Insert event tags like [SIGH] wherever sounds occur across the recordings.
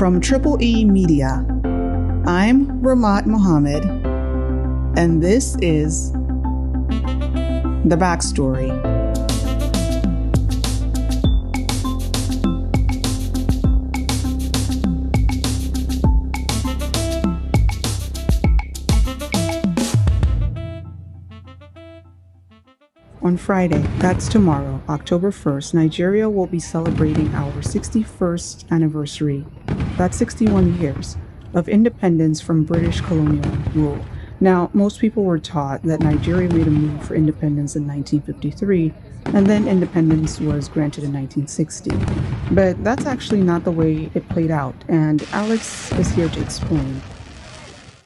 From Triple E Media, I'm Ramat Mohammed, and this is The Backstory. On Friday, that's tomorrow, October 1st, Nigeria will be celebrating our 61st anniversary that's 61 years of independence from British colonial rule. Now, most people were taught that Nigeria made a move for independence in 1953, and then independence was granted in 1960. But that's actually not the way it played out, and Alex is here to explain.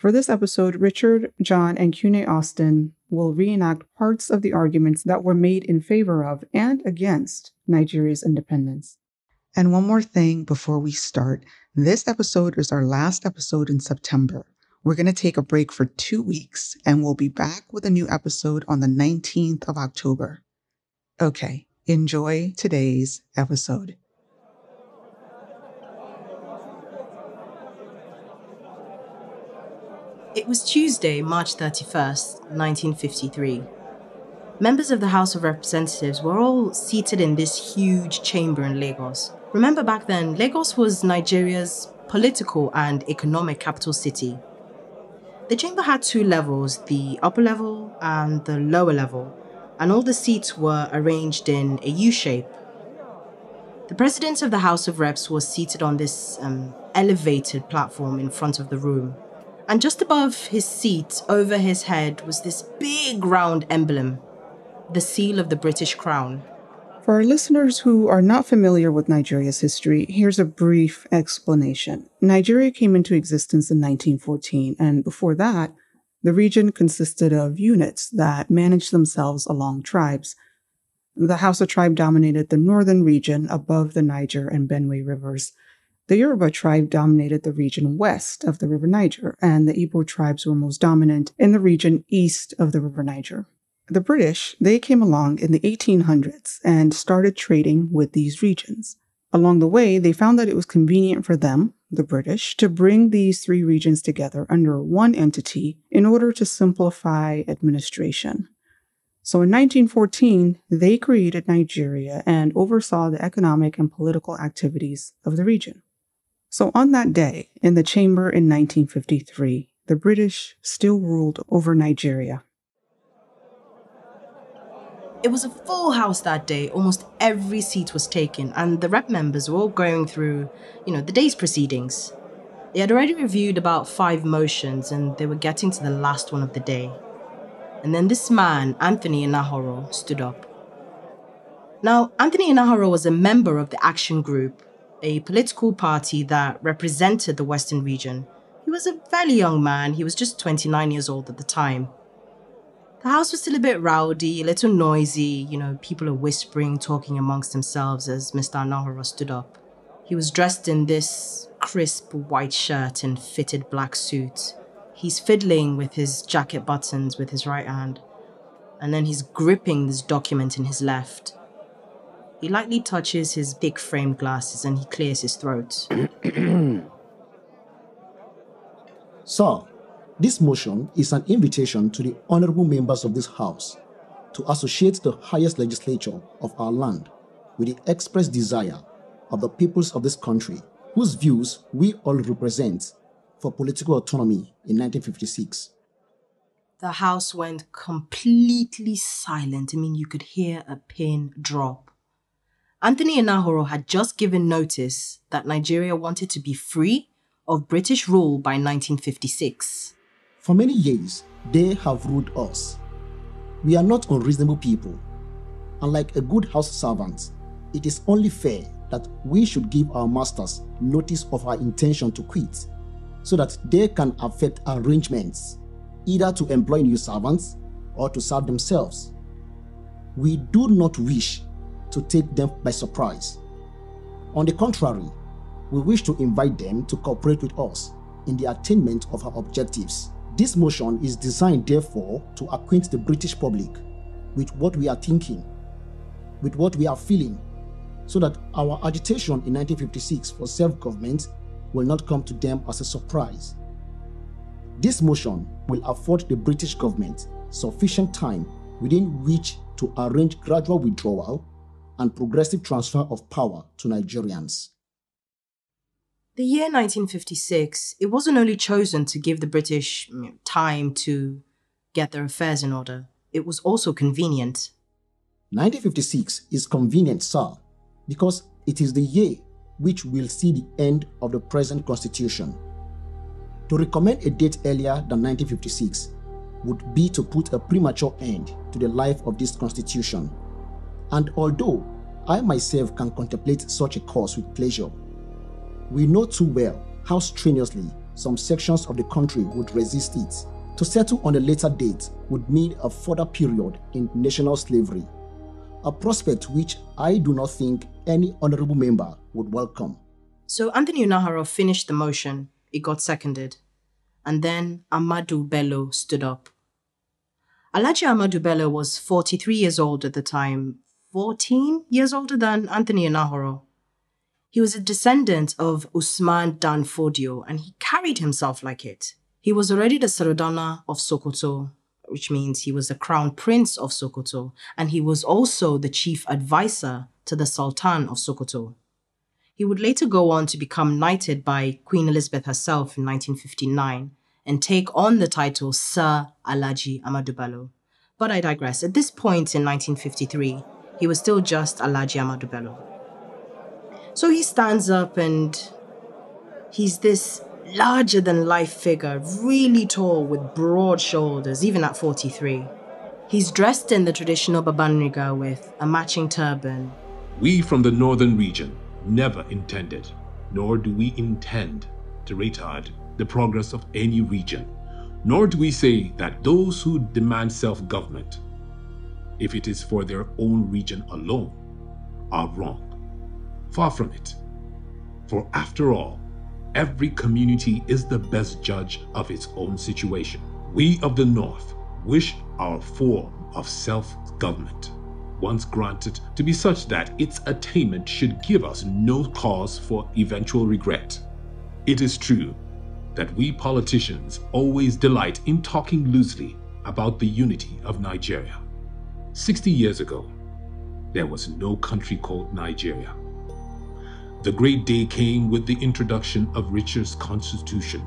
For this episode, Richard, John, and Cune Austin will reenact parts of the arguments that were made in favor of and against Nigeria's independence. And one more thing before we start this episode is our last episode in September. We're going to take a break for two weeks and we'll be back with a new episode on the 19th of October. Okay, enjoy today's episode. It was Tuesday, March 31st, 1953. Members of the House of Representatives were all seated in this huge chamber in Lagos. Remember back then, Lagos was Nigeria's political and economic capital city. The chamber had two levels the upper level and the lower level, and all the seats were arranged in a U shape. The president of the House of Reps was seated on this um, elevated platform in front of the room. And just above his seat, over his head, was this big round emblem, the seal of the British crown. For our listeners who are not familiar with Nigeria's history, here's a brief explanation. Nigeria came into existence in 1914, and before that, the region consisted of units that managed themselves along tribes. The Hausa tribe dominated the northern region above the Niger and Benue rivers. The Yoruba tribe dominated the region west of the River Niger, and the Ibo tribes were most dominant in the region east of the River Niger. The British, they came along in the 1800s and started trading with these regions. Along the way, they found that it was convenient for them, the British, to bring these three regions together under one entity in order to simplify administration. So in 1914, they created Nigeria and oversaw the economic and political activities of the region. So on that day, in the chamber in 1953, the British still ruled over Nigeria it was a full house that day. Almost every seat was taken, and the rep members were all going through, you know, the day's proceedings. They had already reviewed about five motions, and they were getting to the last one of the day. And then this man, Anthony Inahoro, stood up. Now, Anthony Inahoro was a member of the Action Group, a political party that represented the Western region. He was a fairly young man, he was just 29 years old at the time. The house was still a bit rowdy, a little noisy, you know, people were whispering, talking amongst themselves as Mr. Anahara stood up. He was dressed in this crisp white shirt and fitted black suit. He's fiddling with his jacket buttons with his right hand, and then he's gripping this document in his left. He lightly touches his thick framed glasses and he clears his throat. [CLEARS THROAT] so, this motion is an invitation to the honorable members of this House to associate the highest legislature of our land with the express desire of the peoples of this country whose views we all represent for political autonomy in 1956. The house went completely silent. I mean, you could hear a pin drop. Anthony Inahoro had just given notice that Nigeria wanted to be free of British rule by 1956. For many years, they have ruled us. We are not unreasonable people. And like a good house servant, it is only fair that we should give our masters notice of our intention to quit so that they can affect arrangements, either to employ new servants or to serve themselves. We do not wish to take them by surprise. On the contrary, we wish to invite them to cooperate with us in the attainment of our objectives. This motion is designed, therefore, to acquaint the British public with what we are thinking, with what we are feeling, so that our agitation in 1956 for self government will not come to them as a surprise. This motion will afford the British government sufficient time within which to arrange gradual withdrawal and progressive transfer of power to Nigerians. The year 1956, it wasn't only chosen to give the British time to get their affairs in order, it was also convenient. 1956 is convenient, sir, because it is the year which will see the end of the present constitution. To recommend a date earlier than 1956 would be to put a premature end to the life of this constitution. And although I myself can contemplate such a course with pleasure, we know too well how strenuously some sections of the country would resist it. To settle on a later date would mean a further period in national slavery, a prospect which I do not think any honorable member would welcome. So Anthony Unaharo finished the motion, it got seconded, and then Amadou Bello stood up. Alaji Amadou Bello was 43 years old at the time, 14 years older than Anthony Unaharo. He was a descendant of Usman Dan Fodio and he carried himself like it. He was already the Sarodana of Sokoto, which means he was the crown prince of Sokoto, and he was also the chief advisor to the Sultan of Sokoto. He would later go on to become knighted by Queen Elizabeth herself in 1959 and take on the title Sir Alaji Amadou But I digress. At this point in 1953, he was still just Alaji Amadou so he stands up and he's this larger than life figure, really tall with broad shoulders, even at 43. He's dressed in the traditional Babanriga with a matching turban. We from the northern region never intended, nor do we intend, to retard the progress of any region, nor do we say that those who demand self government, if it is for their own region alone, are wrong. Far from it. For after all, every community is the best judge of its own situation. We of the North wish our form of self government, once granted, to be such that its attainment should give us no cause for eventual regret. It is true that we politicians always delight in talking loosely about the unity of Nigeria. 60 years ago, there was no country called Nigeria. The great day came with the introduction of Richard's Constitution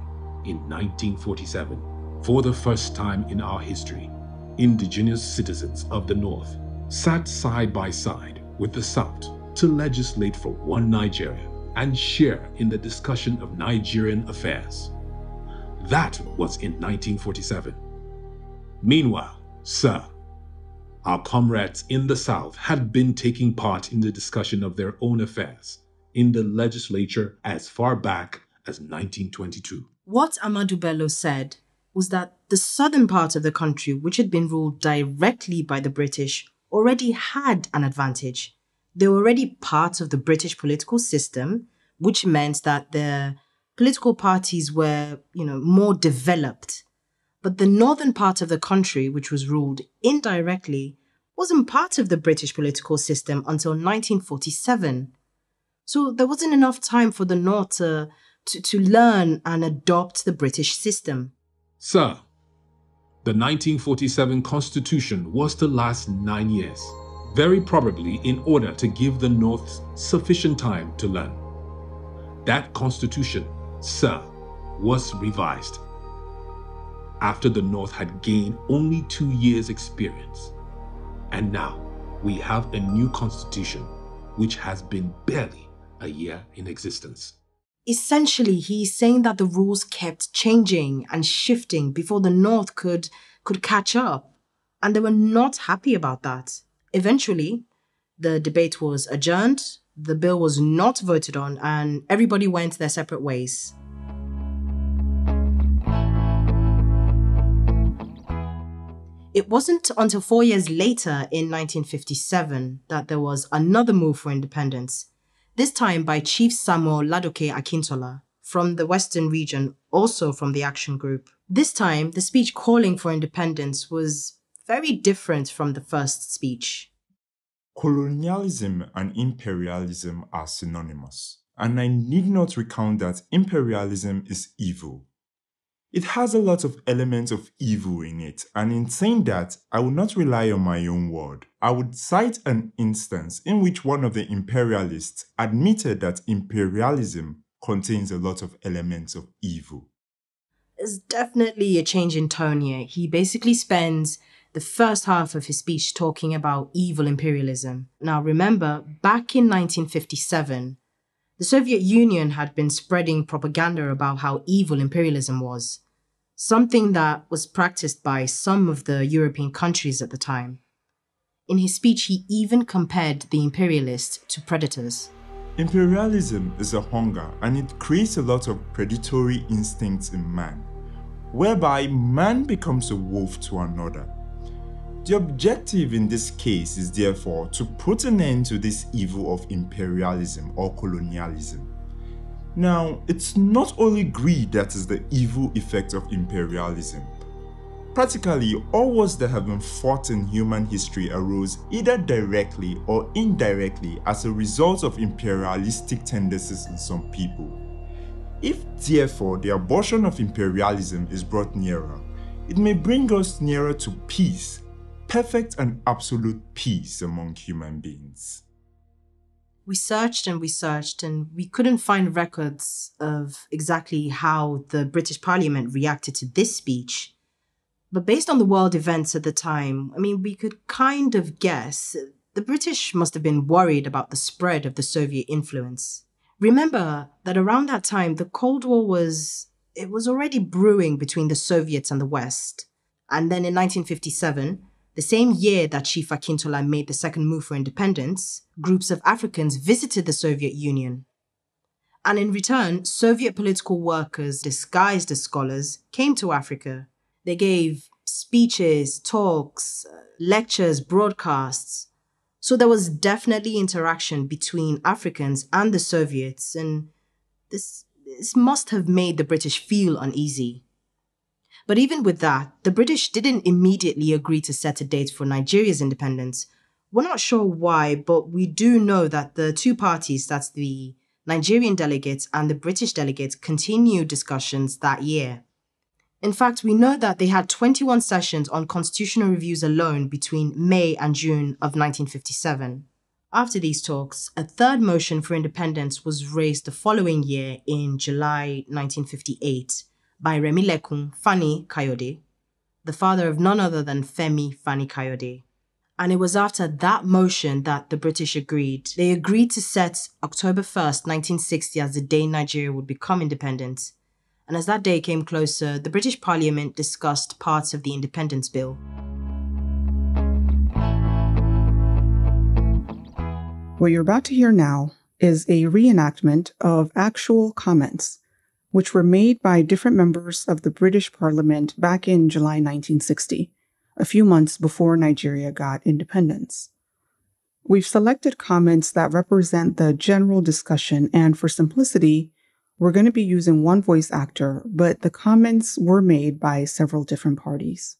in 1947. For the first time in our history, indigenous citizens of the North sat side by side with the South to legislate for one Nigeria and share in the discussion of Nigerian affairs. That was in 1947. Meanwhile, sir, our comrades in the South had been taking part in the discussion of their own affairs in the legislature as far back as 1922. What Amadou Bello said was that the southern part of the country, which had been ruled directly by the British, already had an advantage. They were already part of the British political system, which meant that their political parties were, you know, more developed. But the northern part of the country, which was ruled indirectly, wasn't part of the British political system until 1947. So there wasn't enough time for the North to, to, to learn and adopt the British system. Sir, the 1947 Constitution was to last nine years, very probably in order to give the North sufficient time to learn. That Constitution, sir, was revised after the North had gained only two years' experience. And now we have a new Constitution which has been barely a year in existence. Essentially, he's saying that the rules kept changing and shifting before the North could, could catch up, and they were not happy about that. Eventually, the debate was adjourned, the bill was not voted on, and everybody went their separate ways. It wasn't until four years later, in 1957, that there was another move for independence this time by Chief Samuel Ladoke Akintola from the Western region, also from the Action Group. This time, the speech calling for independence was very different from the first speech. Colonialism and imperialism are synonymous, and I need not recount that imperialism is evil it has a lot of elements of evil in it, and in saying that, I would not rely on my own word. I would cite an instance in which one of the imperialists admitted that imperialism contains a lot of elements of evil. There's definitely a change in tone here. He basically spends the first half of his speech talking about evil imperialism. Now, remember, back in 1957, the Soviet Union had been spreading propaganda about how evil imperialism was, something that was practiced by some of the European countries at the time. In his speech, he even compared the imperialists to predators. Imperialism is a hunger and it creates a lot of predatory instincts in man, whereby man becomes a wolf to another. The objective in this case is therefore to put an end to this evil of imperialism or colonialism. Now, it's not only greed that is the evil effect of imperialism. Practically, all wars that have been fought in human history arose either directly or indirectly as a result of imperialistic tendencies in some people. If therefore the abortion of imperialism is brought nearer, it may bring us nearer to peace perfect and absolute peace among human beings. We searched and we searched, and we couldn't find records of exactly how the British Parliament reacted to this speech. But based on the world events at the time, I mean, we could kind of guess the British must have been worried about the spread of the Soviet influence. Remember that around that time, the Cold War was it was already brewing between the Soviets and the West. And then in 1957, the same year that Shifa Kintola made the second move for independence, groups of Africans visited the Soviet Union. And in return, Soviet political workers disguised as scholars came to Africa. They gave speeches, talks, uh, lectures, broadcasts. So there was definitely interaction between Africans and the Soviets, and this, this must have made the British feel uneasy. But even with that, the British didn't immediately agree to set a date for Nigeria's independence. We're not sure why, but we do know that the two parties, that's the Nigerian delegates and the British delegates, continued discussions that year. In fact, we know that they had 21 sessions on constitutional reviews alone between May and June of 1957. After these talks, a third motion for independence was raised the following year in July 1958 by Remy Lekun Fanny Kayode, the father of none other than Femi Fanny Kayode, And it was after that motion that the British agreed. They agreed to set October 1st, 1960, as the day Nigeria would become independent. And as that day came closer, the British Parliament discussed parts of the Independence Bill. What you're about to hear now is a reenactment of actual comments which were made by different members of the British Parliament back in July 1960, a few months before Nigeria got independence. We've selected comments that represent the general discussion, and for simplicity, we're going to be using one voice actor, but the comments were made by several different parties.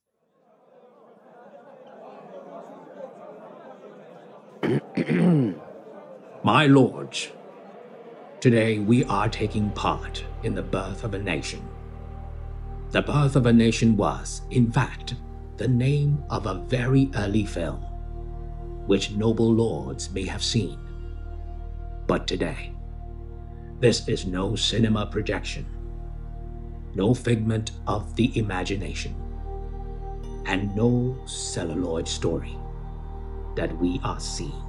[CLEARS THROAT] My lords, Today, we are taking part in the birth of a nation. The birth of a nation was, in fact, the name of a very early film, which noble lords may have seen. But today, this is no cinema projection, no figment of the imagination, and no celluloid story that we are seeing.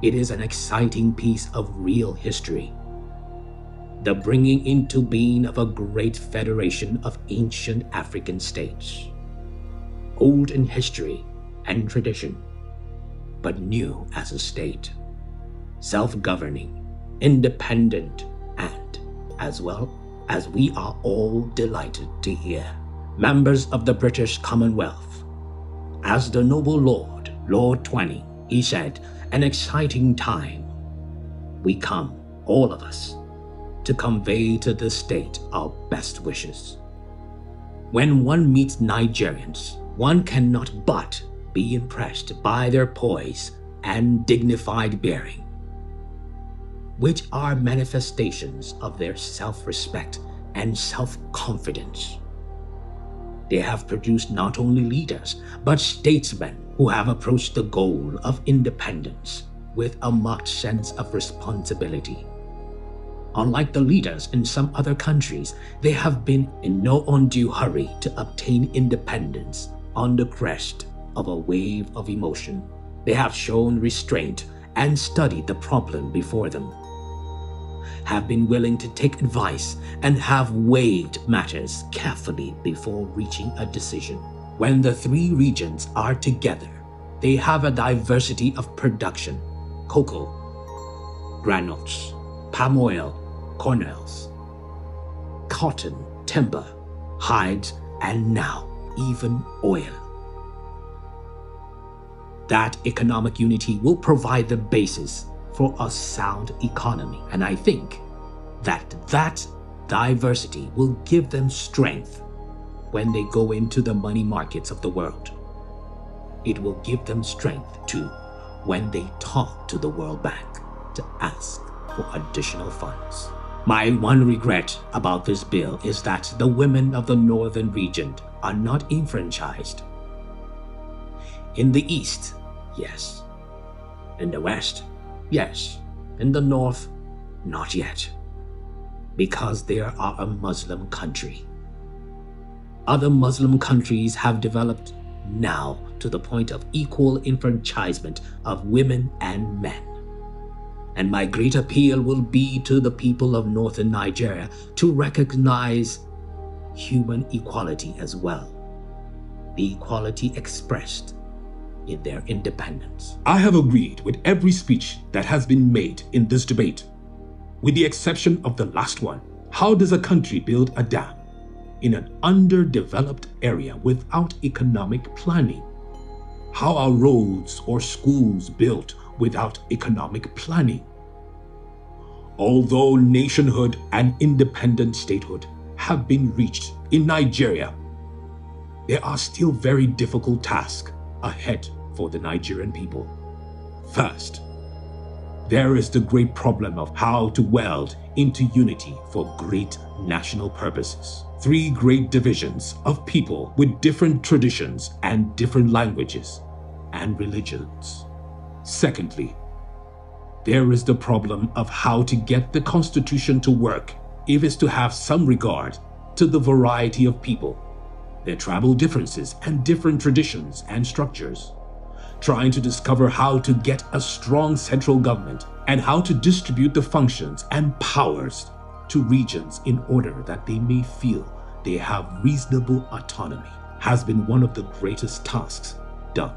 It is an exciting piece of real history. The bringing into being of a great federation of ancient African states. Old in history and tradition, but new as a state. Self governing, independent, and, as well as we are all delighted to hear, members of the British Commonwealth. As the noble lord, Lord Twenty, he said, an exciting time. We come, all of us, to convey to the state our best wishes. When one meets Nigerians, one cannot but be impressed by their poise and dignified bearing, which are manifestations of their self respect and self confidence they have produced not only leaders, but statesmen who have approached the goal of independence with a marked sense of responsibility. Unlike the leaders in some other countries, they have been in no undue hurry to obtain independence on the crest of a wave of emotion. They have shown restraint and studied the problem before them have been willing to take advice and have weighed matters carefully before reaching a decision. When the three regions are together, they have a diversity of production cocoa, granules, palm oil, cornels, cotton, timber, hides, and now even oil. That economic unity will provide the basis for a sound economy. And I think that that diversity will give them strength when they go into the money markets of the world. It will give them strength too when they talk to the World Bank to ask for additional funds. My one regret about this bill is that the women of the northern region are not enfranchised. In the east, yes. In the west, Yes. In the north, not yet. Because they are a Muslim country. Other Muslim countries have developed now to the point of equal enfranchisement of women and men. And my great appeal will be to the people of northern Nigeria to recognize human equality as well. The equality expressed in their independence. I have agreed with every speech that has been made in this debate. With the exception of the last one, how does a country build a dam in an underdeveloped area without economic planning? How are roads or schools built without economic planning? Although nationhood and independent statehood have been reached in Nigeria, there are still very difficult tasks ahead for the Nigerian people. First, there is the great problem of how to weld into unity for great national purposes. Three great divisions of people with different traditions and different languages and religions. Secondly, there is the problem of how to get the Constitution to work if it's to have some regard to the variety of people, their tribal differences and different traditions and structures trying to discover how to get a strong central government and how to distribute the functions and powers to regions in order that they may feel they have reasonable autonomy has been one of the greatest tasks done.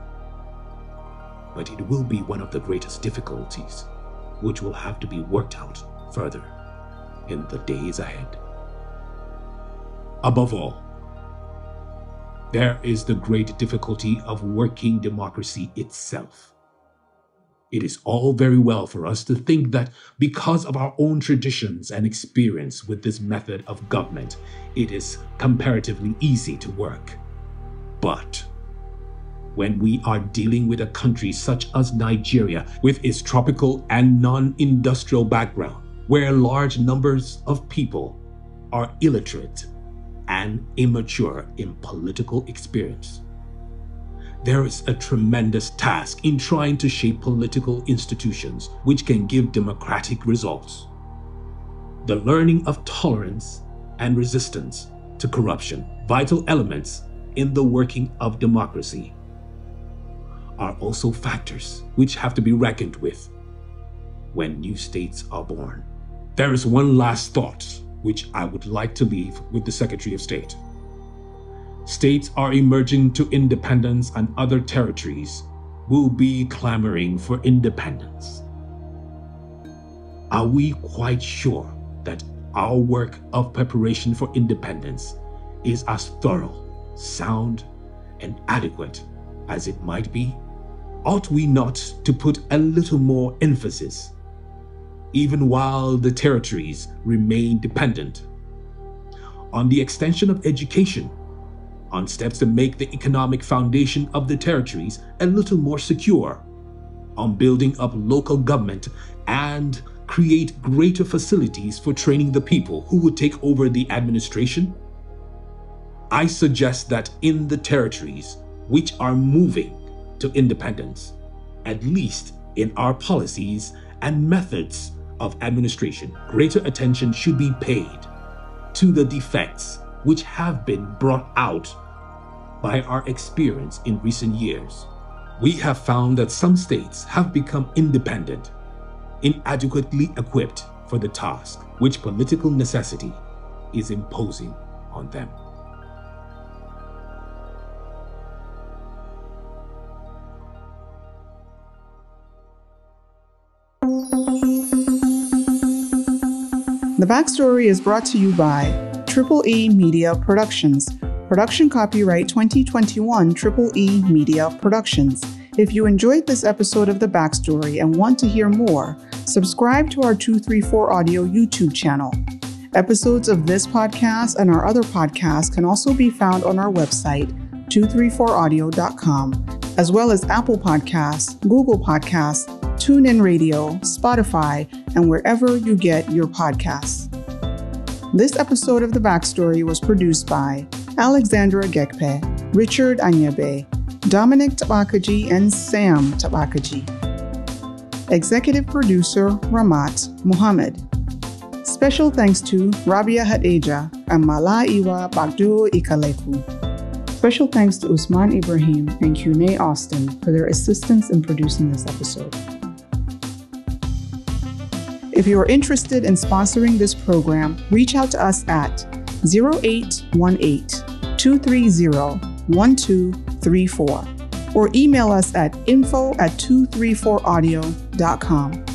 But it will be one of the greatest difficulties, which will have to be worked out further in the days ahead. Above all, there is the great difficulty of working democracy itself. It is all very well for us to think that because of our own traditions and experience with this method of government, it is comparatively easy to work. But when we are dealing with a country such as Nigeria, with its tropical and non industrial background, where large numbers of people are illiterate and immature in political experience. There is a tremendous task in trying to shape political institutions which can give democratic results. The learning of tolerance and resistance to corruption, vital elements in the working of democracy, are also factors which have to be reckoned with when new states are born. There is one last thought which I would like to leave with the Secretary of State. States are emerging to independence, and other territories will be clamoring for independence. Are we quite sure that our work of preparation for independence is as thorough, sound, and adequate as it might be? Ought we not to put a little more emphasis even while the territories remain dependent on the extension of education, on steps to make the economic foundation of the territories a little more secure, on building up local government and create greater facilities for training the people who would take over the administration? I suggest that in the territories which are moving to independence, at least in our policies and methods of administration, greater attention should be paid to the defects which have been brought out by our experience in recent years. We have found that some states have become independent, inadequately equipped for the task which political necessity is imposing on them. The backstory is brought to you by Triple E Media Productions. Production copyright 2021 Triple E Media Productions. If you enjoyed this episode of The Backstory and want to hear more, subscribe to our 234 Audio YouTube channel. Episodes of this podcast and our other podcasts can also be found on our website, 234audio.com, as well as Apple Podcasts, Google Podcasts, TuneIn Radio, Spotify, and wherever you get your podcasts. This episode of The Backstory was produced by Alexandra Gekpe, Richard Anyabe, Dominic Tabakaji, and Sam Tabakaji. Executive Producer Ramat Muhammad. Special thanks to Rabia Hadeja and Mala Iwa Bagduo Ikaleku. Special thanks to Usman Ibrahim and Kune Austin for their assistance in producing this episode. If you are interested in sponsoring this program, reach out to us at 0818 230 1234 or email us at info at 234audio.com.